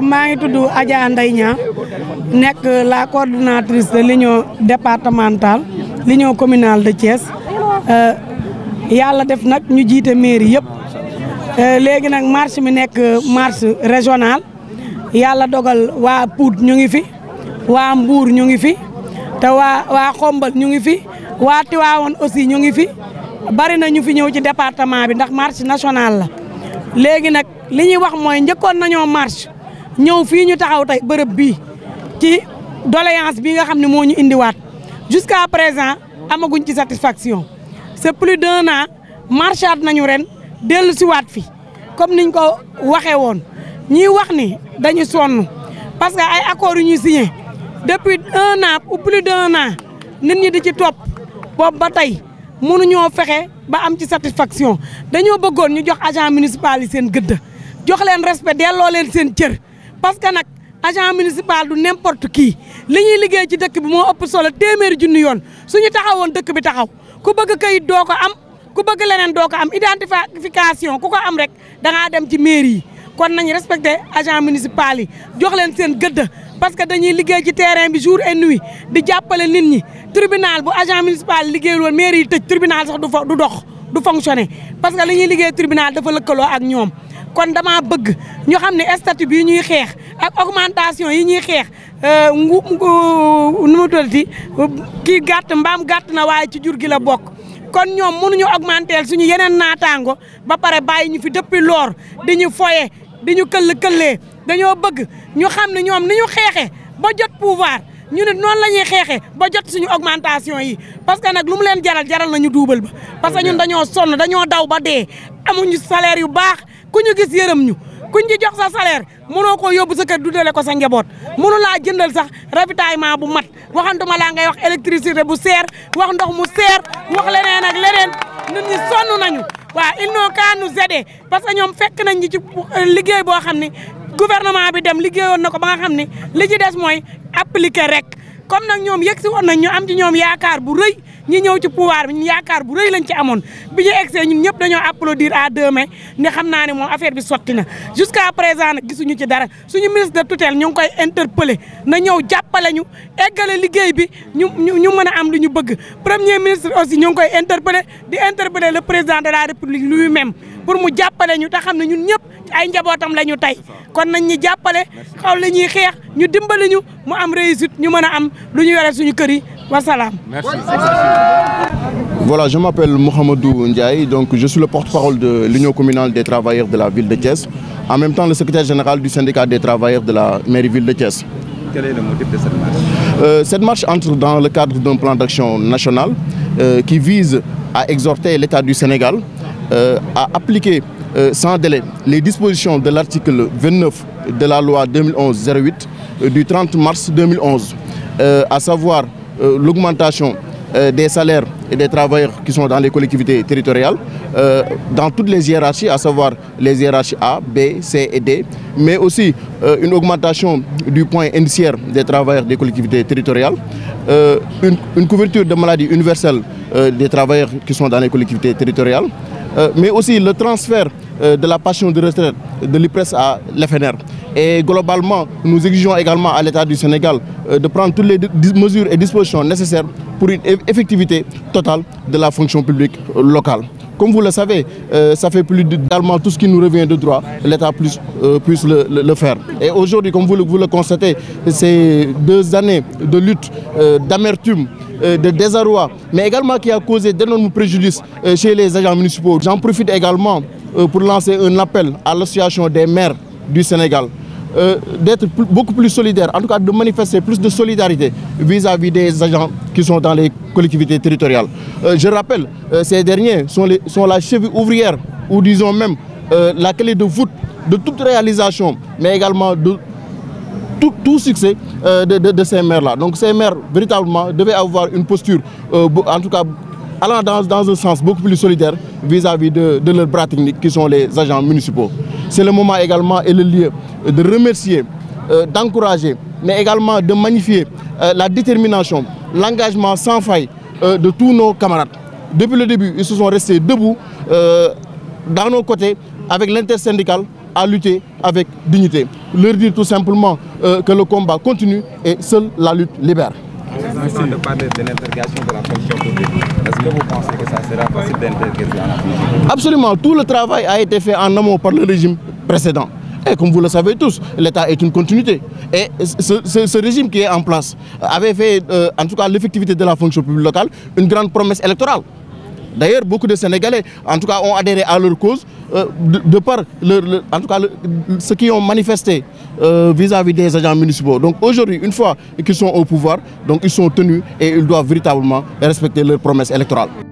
maa ngi tudd Adja Ndeye nekk la coordonnatrice de l'union départementale l'union communal de Thiès euh, yàlla def nag ñu jiite mairie yëpp euh, léegi nag marche mi nekk marche régionale yàlla dogal waa Pout ñu ngi fi waa Mbour ñu ngi fi te waa waa Xombal ñu ngi fi waa Tiwaawoon aussi ñu ngi fi bari na ñu fi ñëw ci département bi ndax marche nationale la léegi nag li ñuy wax mooy njëkkoon nañoo marche ñëw fii ñu taxaw tey bërëb bii ci doléance bi nga xam ne moo ñu indiwaat jusqu'à présent amaguñ ci satisfaction c'est plus d'un an marchaat nañu ren dellu siwaat waat fi comme niñ ko waxee woon ñiy wax ni dañu sonn parce que ay accords yu ñu signé depuis un an ou plus d'un an nit ñi di ci topp boobu ba tey mënuñoo fexe ba am ci satisfaction dañoo bëggoon ñu jox agent municipal yi seen gëdd jox leen respect delloo leen seen cër parce que nag agent municipal du n'importe kii li ñuy liggéey ci dëkk bi moo ëpp solo téeméeri junni yoon suñu taxawoon dëkk bi taxaw ku bëgg kayit doo ko am ku bëgg leneen doo ko am identification ku ko am rek dangaa dem ci mairie yi kon nañ respecte agent municipal yi jox leen seen gëdd parce que dañuy liggéey ci terrain bi jour et nuit di jàppale nit ñi tribunal bu agent municipal liggéeyul woon mairie yi tëj tribunal sax du fa du dox du fonctionner parce que li ñuy liggéey tribunal dafa lëkkaloo ak ñoom kon dama bëgg ñu xam ne statut bi ñuy xeex ak augmentation yi ñuy xeex euh, ngu nu mu tuddati kii gàtt mbaam gàtt na waaye ci jur gi la bokk kon ñoom mënuñu augmenter suñu yeneen naataango ba pare bàyyi ñu fi depuis loor di ñu foye di ñu këll këllee dañoo bëgg ñu xam ne ñoom ni ñu xeexee ba jot pouvoir ñu ne noonu la ñuy xeexee ba jot suñu augmentation yi parce que nag lumu leen jaral jaral nañu duubal ba parce que ñun dañoo sonn dañoo daw ba dee amuñu salaire yu baax ku ñu gis yërëm ñu kuñ ci jox sa salaire mënoo koo yóbbu sa kër dundale ko sa njaboot mënu laa jëndal sax ravitaillement bu mat waxantuma laa ngay wax électricité bu seer wax ndox mu seer wax leneen ak leneen nit ñi sonn nañu waaw ils n'ont qu'à nous aider parce que ñoom fekk nañ ñi ci liggéey boo xam ni gouvernement bi dem liggéeyoon na ko ba nga xam li ci des mooy appliquer rek comme nag ñoom yëg si woon nañ ñu am ci ñoom yaakaar bu rëy ñu ñëw ci pouvoir bi ñu yaakaar bu rëy lañ ci amoon bi ñu egsee ñun ñëpp dañoo applaudir à deux mains ne xam naa ne moom affaire bi sotti na jusqu'à présent nag gisuñu ci dara suñu ministre de tutelle ñu ngi koy interpellé na ñëw jàppale ñu eggale liggéey bi ñu ñu mën a am lu ñu bëgg premier ministre aussi ñu ngi koy interpellé di interpellé le président de la république lui-même pour mu jàppale ñu ta xam na ñun ñëpp ay njabootam la ñu tey kon nañ ñu jàppale xaw la ñuy xeex ñu dimbali ñu mu am réussite ñu mën a am lu ñu yore suñu kër yi wasalaam. merci. voilà je m'appelle Mouhamadou Ndiaye donc je le porte-parole de l'union communale des travailleurs de la ville de Thiès en même temps le secrétaire général du syndicat des travailleurs de la mairie ville de Thiès. de cette marche? Euh, cette marche entre dans le cadre d'un plan d'action national euh, qui vise à exhorter l'État du Sénégal euh, à appliquer euh, sans délai les dispositions de l'article 29 de la loi euh, euh, à savoir Euh, l'augmentation euh, des salaires et des travailleurs qui sont dans les collectivités territoriales, euh, dans toutes les hiérarchies, à savoir les hiérarchies A, B, C et D, mais aussi euh, une augmentation du point indiciaire des travailleurs des collectivités territoriales, euh, une, une, couverture de maladie universelle des travailleurs qui sont dans les collectivités territoriales, mais aussi le transfert de la pension de retraite de l'IPRES à l'FNR. Et globalement, nous exigeons également à l'État du Sénégal euh, de prendre toutes les mesures et dispositions nécessaires pour une effectivité totale de la fonction publique euh, locale. Comme vous le savez, euh, ça fait plus d'allemand tout ce qui nous revient de droit, l'État euh, puisse, euh, le, le, le, faire. Et aujourd'hui, comme vous le, vous constatez, ces deux années de lutte, euh, d'amertume, de désarroi, mais également qui a causé d'énormes préjudices chez les agents municipaux. J'en profite également pour lancer un appel à des maires du Sénégal, euh, d'être beaucoup plus solidaire, en tout cas de manifester plus de solidarité vis-à-vis des agents qui sont dans les collectivités territoriales. Euh, je rappelle, euh, ces derniers sont, les, sont la cheville ouvrière, ou disons même euh, la clé de voûte de toute réalisation, mais également de tout, tout, succès euh, de, de, de, ces maires-là. Donc ces maires, véritablement, devaient avoir une posture, euh, en tout cas allant dans, dans un sens beaucoup plus solidaire vis-à-vis -vis de, de leurs bras techniques qui sont les agents municipaux. C'est le moment également et le lieu de remercier, euh, d'encourager, mais également de magnifier euh, la détermination, l'engagement sans faille euh, de tous nos camarades. Depuis le début, ils se sont restés debout, euh, dans nos côtés, avec l'intersyndicale, à lutter avec dignité. Leur dire tout simplement euh, que le combat continue et seule la lutte libère. Merci. de parler de l'intégration de la fonction publique. a été fait en amont par le régime précédent. Et comme vous le savez tous, l'État est une continuité. ce, régime qui est en place avait fait, euh, en tout cas l'effectivité de la fonction publique locale, une grande promesse électorale. D'ailleurs, beaucoup de Sénégalais, en tout cas, ont adhéré à leur cause euh, de, de, par leur, en tout cas, le, ce qu'ils ont manifesté euh, vis-à-vis euh, -vis des agents municipaux. Donc aujourd'hui, une fois qu'ils sont au pouvoir, donc ils sont tenus et ils doivent véritablement respecter leurs promesses électorales.